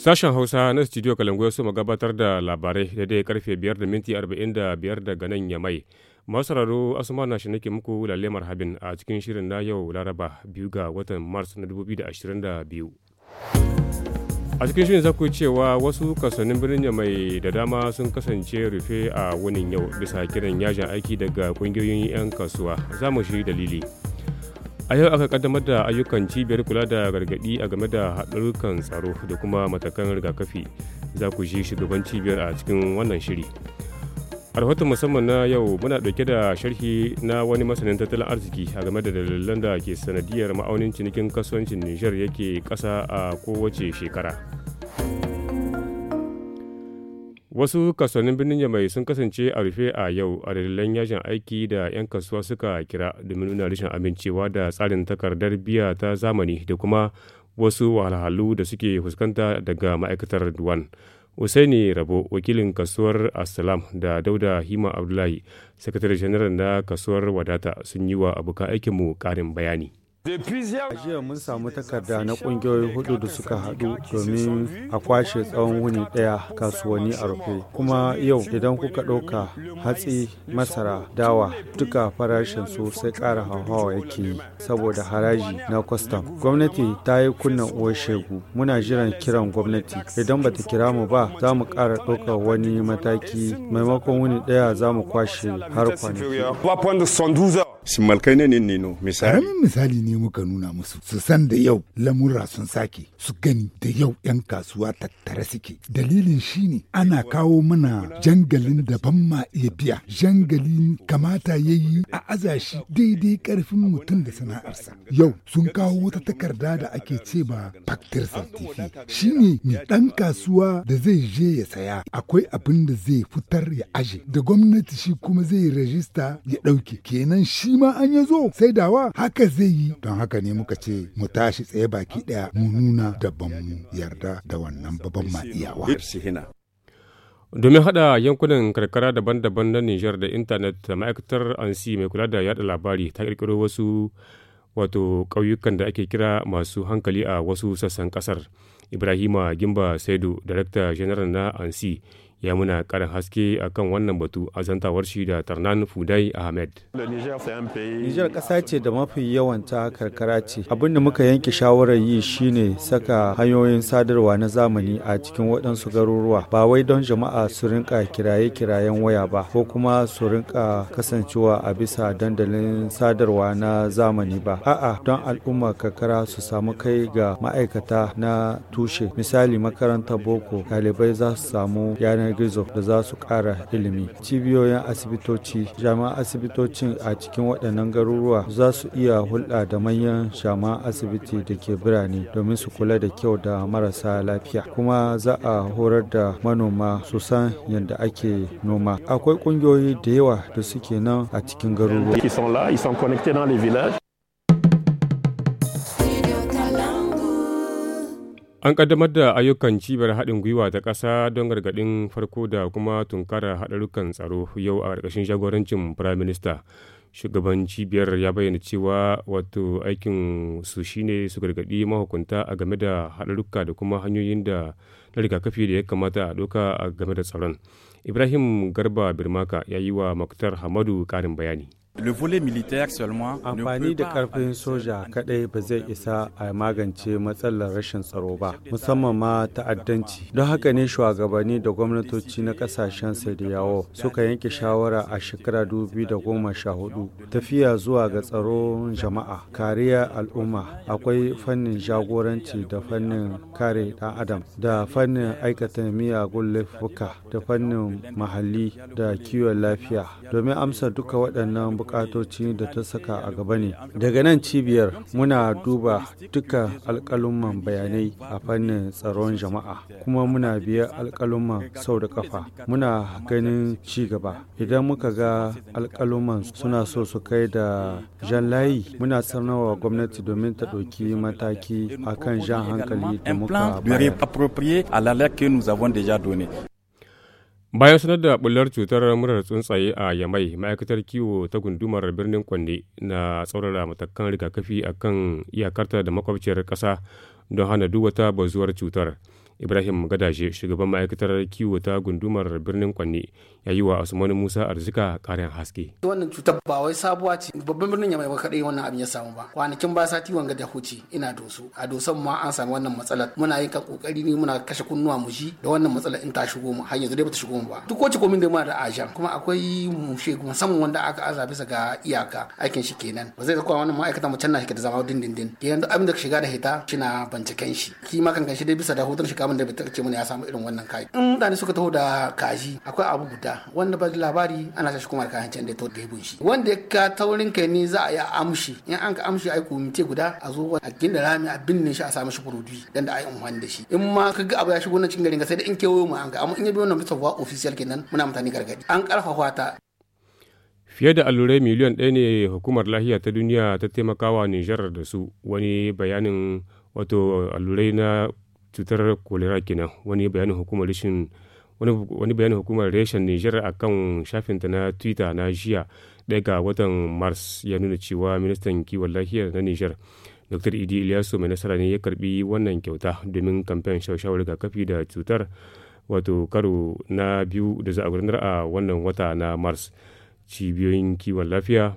Sashen Hausa na Studio Kalangu ya soma gabatar da labarai daidai karfe 5 da minti 45 daga nan ya mai. Masararo Asuma na shi nake muku lalle marhabin a cikin shirin na yau Laraba biyu ga watan Mars na 2022. a cikin shirin za ku cewa wasu kasannin birnin mai da dama sun kasance rufe a wunin yau bisa kiran yajin aiki daga kungiyoyin 'yan kasuwa za mu shi dalili a yau aka kaddamar da ayyukan cibiyar kula da gargaɗi a game da haɗarukan tsaro da kuma matakan rigakafi za ku shi shugaban cibiyar a cikin wannan shiri a rahoton musamman na yau muna ɗauke da sharhi na wani masanin tattalin arziki a game da dalilan da ke sanadiyar ma'aunin cinikin kasuwancin nijar yake kasa a kowace shekara wasu kasuwannin birnin yamai sun kasance a rufe a yau a dalilan yajin aiki da 'yan kasuwa suka kira domin nuna rashin amincewa da tsarin takardar biya ta zamani da kuma wasu wahalhalu da suke fuskanta daga ma'aikatar duwan. Usaini Rabo wakilin kasuwar Asalam da Dauda Hima Abdullahi sakatare janar na kasuwar Wadata sun yi wa abokan aikinmu ƙarin bayani. jiya mun samu takarda na kungiyoyi hudu da suka hadu domin a kwashe tsawon wuni daya kasuwanni a rufe kuma yau idan kuka ɗauka hatsi masara dawa duka farashin su sai ƙara hauhawa yake yi saboda haraji na kwastam gwamnati ta yi kunna uwar shegu muna jiran kiran gwamnati idan bata kira mu ba za mu ƙara ɗaukar wani mataki maimakon wuni daya za mu kwashe har kwanaki Simalkai ne ne no misali. Karamin misali ne muka nuna musu su san da yau lamura sun sake su gani da yau 'yan kasuwa tattare suke. Dalilin shi ne ana kawo mana jangalin da ban ma iya biya. Jangalin kamata ya yi a azashi daidai karfin mutum da sana'arsa. Yau sun kawo wata takarda da ake ce ba factor certifi. Shi ne mai ɗan kasuwa da zai je ya saya akwai abin da zai fitar ya aje da gwamnati shi kuma zai rajista ya ɗauke kenan shi ma an ya zo sai dawa haka zai yi don haka ne muka ce mu tashi tsaye baki daya mu nuna dabban mu yarda da wannan babban ma iyawa domin hada yankunan karkara daban-daban na Nijar da intanet ma'aikatar ansi mai kula da yada labari ta kirkiro wasu wato ƙauyukan da ake kira masu hankali a wasu sassan ƙasar ibrahima gimba saidu director general na ansi ya muna karin haske akan wannan batu a zantawar shi da tarnan fudai ahmed nijar ƙasa ce da mafi yawan ta karkara ce abin da muka yanke shawarar yi shine saka hanyoyin sadarwa na zamani a cikin waɗansu garuruwa ba wai don jama'a su rinka kiraye-kirayen waya ba ko kuma su rinka kasancewa a bisa dandalin sadarwa na zamani ba a'a don al'umma karkara su samu kai ga ma'aikata na tushe misali makarantar boko ɗalibai za su samu yanar yanar gizo da za su ƙara ilimi cibiyoyin asibitoci jami'an asibitocin a cikin waɗannan garuruwa za su iya hulɗa da manyan jami'an asibiti da ke birane domin su kula da kyau da marasa lafiya kuma za a horar da manoma su san yadda ake noma akwai ƙungiyoyi da yawa da suke nan a cikin garuruwa An kaddamar da ayyukan cibiyar haɗin gwiwa ta ƙasa don gargaɗin farko da kuma tunkarar haɗarukan tsaro yau a ƙarƙashin jagorancin Firaminista. Shugaban cibiyar ya bayyana cewa wato aikin su shine su gargaɗi mahukunta a game da haɗaruka da kuma hanyoyin da na rigakafi da ya kamata a ɗauka a game da tsaron. Ibrahim Garba Birmaka ya yi wa maktar Hamadu ƙarin bayani. Amfani da karfin soja kaɗai ba zai isa a magance matsalar rashin tsaro ba, musamman ma ta'addanci. Don haka ne shugabanni da gwamnatoci na ƙasashen yawo suka yanke shawara a shekara hudu tafiya zuwa ga tsaron jama'a, kariya al'umma, akwai fannin jagoranci da fannin kare ɗan adam da fannin aikata miyagun laifuka da fannin mahalli da kiwon lafiya domin amsa duka waɗannan bukatoci da ta saka a gaba ne daga nan cibiyar muna duba duka alkalumman bayanai a fannin tsaron jama'a kuma muna biya alkalumman sau da kafa muna ganin ci gaba idan muka ga alkalumman suna so su kai da jan layi muna sanarwa gwamnati domin ta ɗauki mataki akan jan hankali da muka bayar. Bayan sanar da bullar cutar murar tsuntsaye a Yamai, ma'aikatar kiwo ta gundumar birnin Kwande na tsaurara matakan rigakafi a kan iyakarta da makwabciyar ƙasa don hana duk wata bazuwar cutar. Ibrahim Gadaje shugaban ma'aikatar kiwo ta gundumar birnin Kwanne ya yi wa Usman Musa Arzika karin haske. Wannan cutar ba wai sabuwa ce babban birnin ya mai kadai wannan abin ya samu ba. Kwanakin ba sati wanga da huce ina doso. A doson ma an samu wannan matsalar. Muna yin kokari ne muna kashe kunnuwa mu shi da wannan matsalar in ta shigo mu har yanzu dai bata shigo mu ba. Duk wacce komai da muna da ajan kuma akwai kuma samun wanda aka aza bisa ga iyaka aikin shi kenan. Ba zai zakuwa wannan ma'aikata mu canna shi da zama dindindin. Kenan abin da ka shiga da hita shi na binciken shi. Ki ma kankan shi dai bisa da hotun shi abin da bai ce mana ya samu irin wannan kaji in mutane suka taho da kaji akwai abu guda wanda ba labari ana shi kuma kayan can da to da yabun shi wanda ka taurin kai ne za a yi amshi in an ka amshi ai komite guda a zo a ginda rami a binne shi a samu shi kurudi dan da ai amfani da shi in ma ka ga abu ya shigo na cikin garin sai da in kewayo mu an ga amma in ya biyo wannan bisa wa official kenan muna mutane gargadi an karfafa ta fiye da allurai miliyan ɗaya ne hukumar lahiya ta duniya ta taimakawa nijar da su wani bayanin wato allurai na cutar kolera kenan wani bayanin hukumar rashin wani bayanin hukumar reshen Nijar a kan shafinta na Twitter na jiya ɗaya ga watan Mars ya nuna cewa ministan kiwon lafiyar na Nijar Dr. Idi Ilyasu mai nasara ne ya karbi wannan kyauta domin kamfen shawarar rigakafi da cutar wato karo na biyu da za a gudanar a wannan wata na Mars. Cibiyoyin kiwon lafiya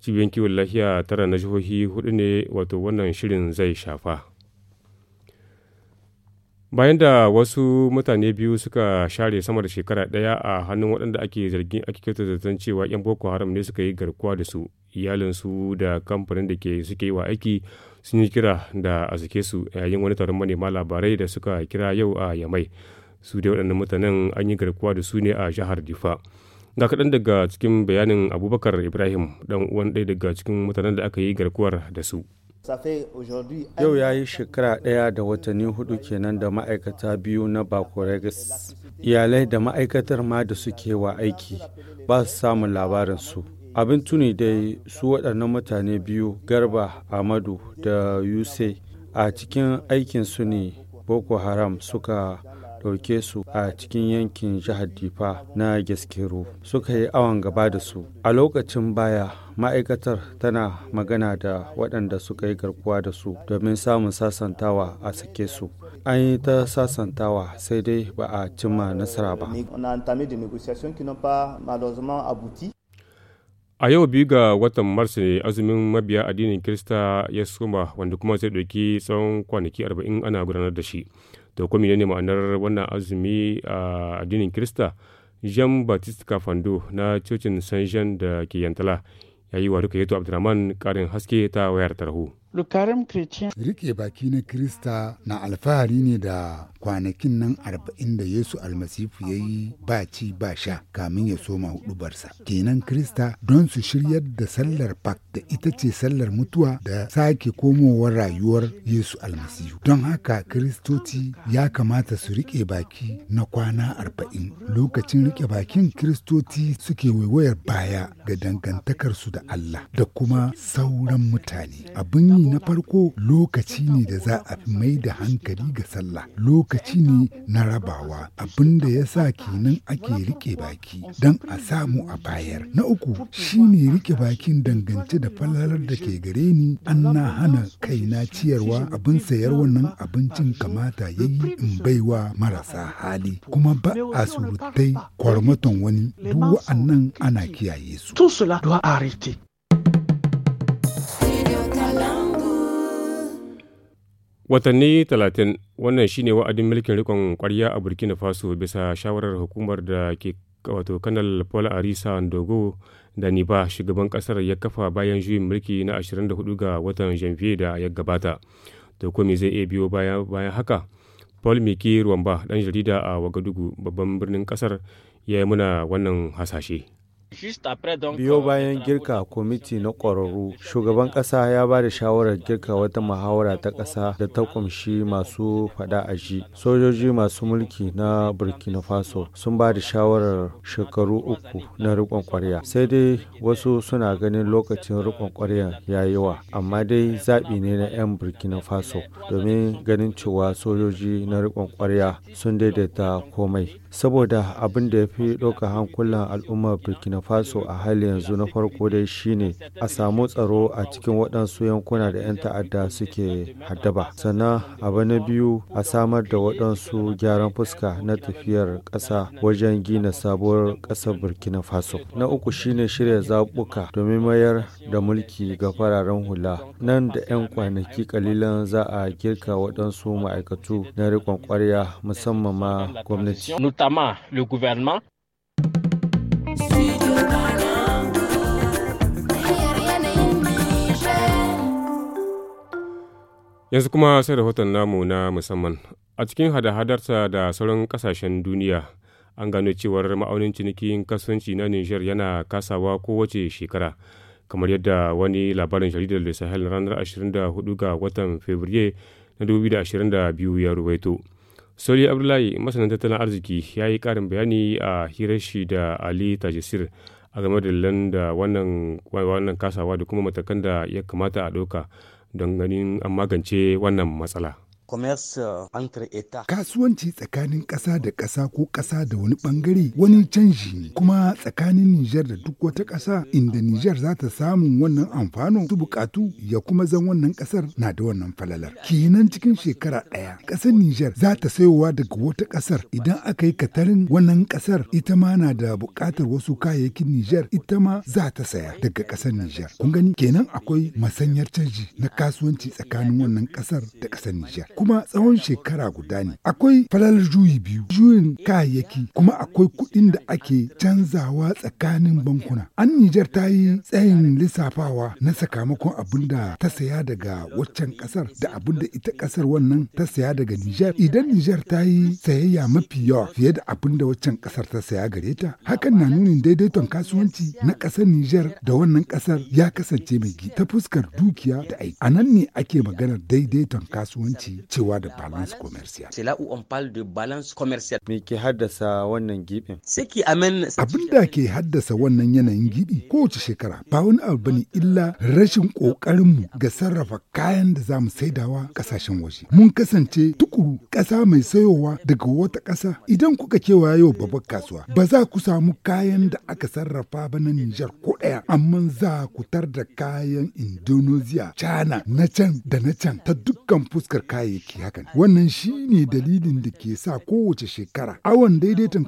cibiyoyin kiwon lafiya tara na jihohi hudu ne wato wannan shirin zai shafa. bayan da wasu mutane biyu suka share sama da shekara ɗaya a hannun waɗanda ake zargin ake kyauta zaton cewa 'yan boko haram ne suka yi garkuwa da su iyalinsu da kamfanin da ke suke yi wa aiki sun yi kira da a sake su yayin wani taron manema labarai da suka kira yau a yamai su dai waɗannan mutanen an yi garkuwa da su ne a jihar difa ga kaɗan daga cikin bayanin abubakar ibrahim ɗan uwan ɗaya daga cikin mutanen da aka yi garkuwar da su Yau ya yi shekara ɗaya da watanni hudu kenan da ma'aikata biyu na Bakoregas. Iyalai da ma'aikatar ma da suke wa aiki ba su samun labarin su. Abin tuni dai su waɗannan mutane biyu Garba Amadu da Yuse a cikin aikin su ne Boko Haram suka ɗauke su a cikin yankin jihar Difa na Gaskero suka yi awon gaba da su. A lokacin baya ma'aikatar tana magana da waɗanda suka yi garkuwa da su domin samun sasantawa a sake su. An yi ta sasantawa sai dai ba a cimma nasara ba. A yau biyu ga watan Mars ne azumin mabiya addinin Kirista ya suma wanda kuma zai ɗauki tsawon kwanaki arba'in ana gudanar da shi. to ko ne ma'anar wannan azumi a addinin kirista jean baptiste kafando na cocin saint jean da ke yantala ya yi wa duka yato Abdurrahman karin haske ta wayar tarho. Rike baki na Krista na alfahari ne da kwanakin nan arba'in da Yesu almasifu ya yi ba ci ba sha kamin ya soma hudubarsa. Kenan Krista don su shiryar da sallar pak da ita ce sallar mutuwa da sake komowar rayuwar Yesu almasifu. Don haka Kiristoci ya kamata su rike baki na kwana arba'in. Lokacin rike bakin Kiristoci suke waiwayar baya ga dangantakarsu da Allah da kuma sauran mutane. Abin yi. na farko lokaci ne da za a fi mai da hankali ga sallah, lokaci ne na rabawa abin da ya sa kenan ake rike baki don a samu a bayar. Na uku shi ne rike bakin dangance da falalar da ke gare ni an na hana na ciyarwa abin sayar wannan abincin kamata ya yi in baiwa marasa hali kuma ba a surutai kwarmaton wani duk wa'annan ana kiyaye su. watanni talatin wannan shine wa'adin mulkin rikon kwarya a burkina faso bisa shawarar hukumar da ke wato kanal paul arisa ndogo da niba shugaban kasar ya kafa bayan juyin mulki na 24 ga watan janvier da ya gabata to zai iya biyo bayan haka paul miki ruwamba dan jarida a wagadugu babban birnin kasar ya yi muna wannan hasashe Biyo bayan girka kwamiti na ƙwararru, shugaban ƙasa ya ba da shawarar girka wata muhawara ta ƙasa da ta ƙumshi masu faɗa a ji. Sojoji masu mulki na Burkina Faso sun ba da shawarar shekaru uku na riƙon ƙwarya. Sai dai wasu suna ganin lokacin rikon ƙwarya ya yi wa, amma dai zaɓi ne na 'yan Burkina Faso domin ganin cewa sojoji na rikon ƙwarya sun daidaita komai. saboda abin da ya fi ɗauka hankulan al'ummar burkina faso a hali yanzu na farko dai shine a samu tsaro a cikin waɗansu yankuna da 'yan ta'adda suke haddaba sannan abu na biyu a samar da waɗansu gyaran fuska na tafiyar ƙasa wajen gina sabuwar ƙasar burkina faso na uku shine shirya zaɓuka domin mayar da mulki ga fararen hula nan da 'yan kwanaki kalilan za a girka waɗansu ma'aikatu na riƙon ƙwarya musamman ma gwamnati notamment le gouvernement. Yanzu kuma sai rahoton namu na musamman. A cikin hada-hadarsa da sauran kasashen duniya, an gano cewar ma'aunin cinikin kasuwanci na Nijar yana kasawa kowace shekara. Kamar yadda wani labarin jaridar Le Sahel ranar 24 ga watan Fabrairu na 2022 ya ruwaito. sauri Abdullahi masanin tattalin arziki ya yi karin bayani a hirar shi da Ali Tajisir a game da landa wannan wannan kasawa da kuma matakan da ya kamata a ɗauka don ganin an magance wannan matsala. Euh, kasuwanci tsakanin ƙasa da ƙasa ko ƙasa da wani ɓangare wani canji ne kuma tsakanin Nijar da duk wata ƙasa inda Nijar za ta samun wannan amfano su buƙatu ya kuma zan wannan ƙasar na da wannan falalar kinan cikin shekara ɗaya ƙasar Nijar za ta sayowa daga wata ƙasar idan aka yi katarin wannan ƙasar ita ma na da buƙatar wasu kayayyakin Nijar ita ma za ta saya daga ƙasar Nijar kun gani kenan akwai masanyar canji na kasuwanci tsakanin wannan ƙasar da ƙasar Nijar kuma tsawon shekara guda ne. Akwai falal juyi biyu, juyin kayayyaki kuma akwai kuɗin da ake canzawa tsakanin bankuna. An Nijar ta yi tsayin lissafawa na sakamakon abin da ta saya daga waccan ƙasar da abin da ita ƙasar wannan ta saya daga Nijar. Idan Nijar ta yi sayayya mafi yawa fiye da abin da waccan ƙasar ta saya gare ta, hakan na nunin daidaiton kasuwanci na ƙasar Nijar da wannan ƙasar ya kasance mai ta fuskar dukiya da aiki. A nan ne ake maganar daidaiton kasuwanci cewa da balance commercial. on balance commercial. Me ke haddasa wannan gibin? Abin da ke haddasa wannan yanayin gibi kowace shekara ba wani abu bane illa rashin mu ga sarrafa kayan da zamu saidawa kasashen waje. Mun kasance tukuru ƙasa mai sayowa daga wata ƙasa idan kuka cewa yau babbar kasuwa ba za ku samu kayan da aka sarrafa ba na Nijar ko ɗaya amma za ku tar da kayan Indonesia, China na can da na can ta dukkan fuskar kayan yake hakan. Wannan shi ne dalilin da ke sa kowace shekara awon daidaiton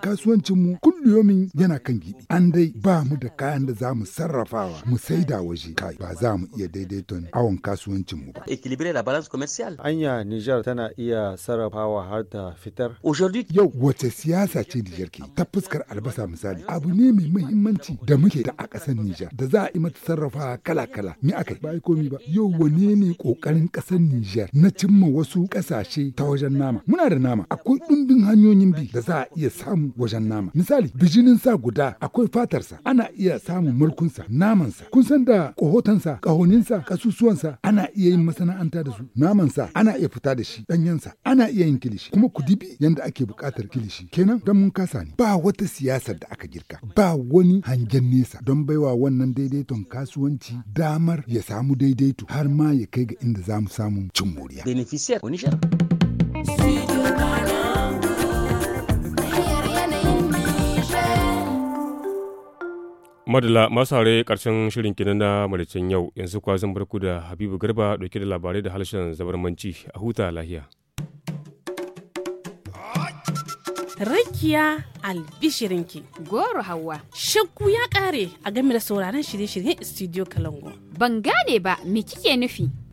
mu kulliyomin yana kan gidi An dai ba mu da kayan da za mu sarrafawa mu saida waje kai ba za mu iya daidaiton awon kasuwancin mu ba. Equilibrer la balance commerciale. Anya Niger tana iya sarrafawa har ta fitar. Aujourd'hui yau wace siyasa ce Niger ke ta fuskar albasa misali abu ne mai muhimmanci da muke da a ƙasar Niger da za a yi mata sarrafa kala-kala. Ni akai ba komi ba. Yau wane ne kokarin ƙasar Niger na cimma wasu wasu kasashe ta wajen nama. Muna da nama, akwai ɗumbin hanyoyin bi da za a iya samu wajen nama. Misali, bijinin sa guda akwai fatarsa, ana iya samun mulkunsa, namansa, kun san da ƙahotansa, ƙahoninsa, ƙasusuwansa, ana iya yin masana'anta da su. Namansa, ana iya fita da shi, ɗanyensa, ana iya yin kilishi, kuma ku dibi yanda ake buƙatar kilishi. Kenan don mun kasa ne. Ba wata siyasar da aka girka, ba wani hangen nesa don baiwa wannan daidaiton kasuwanci damar ya samu daidaito har ma ya kai ga inda za mu samu cin moriya. punisher Madala masu haure karshen shirin kinan na malicin yau yanzu kwa zan barku da Habibu Garba dauke da labarai da harshen zabarmanci a huta lahiya. Rakiya albishirinki goro hawa shakku ya kare a game da sauraron shirye-shiryen studio kalango ban gane ba me kike nufi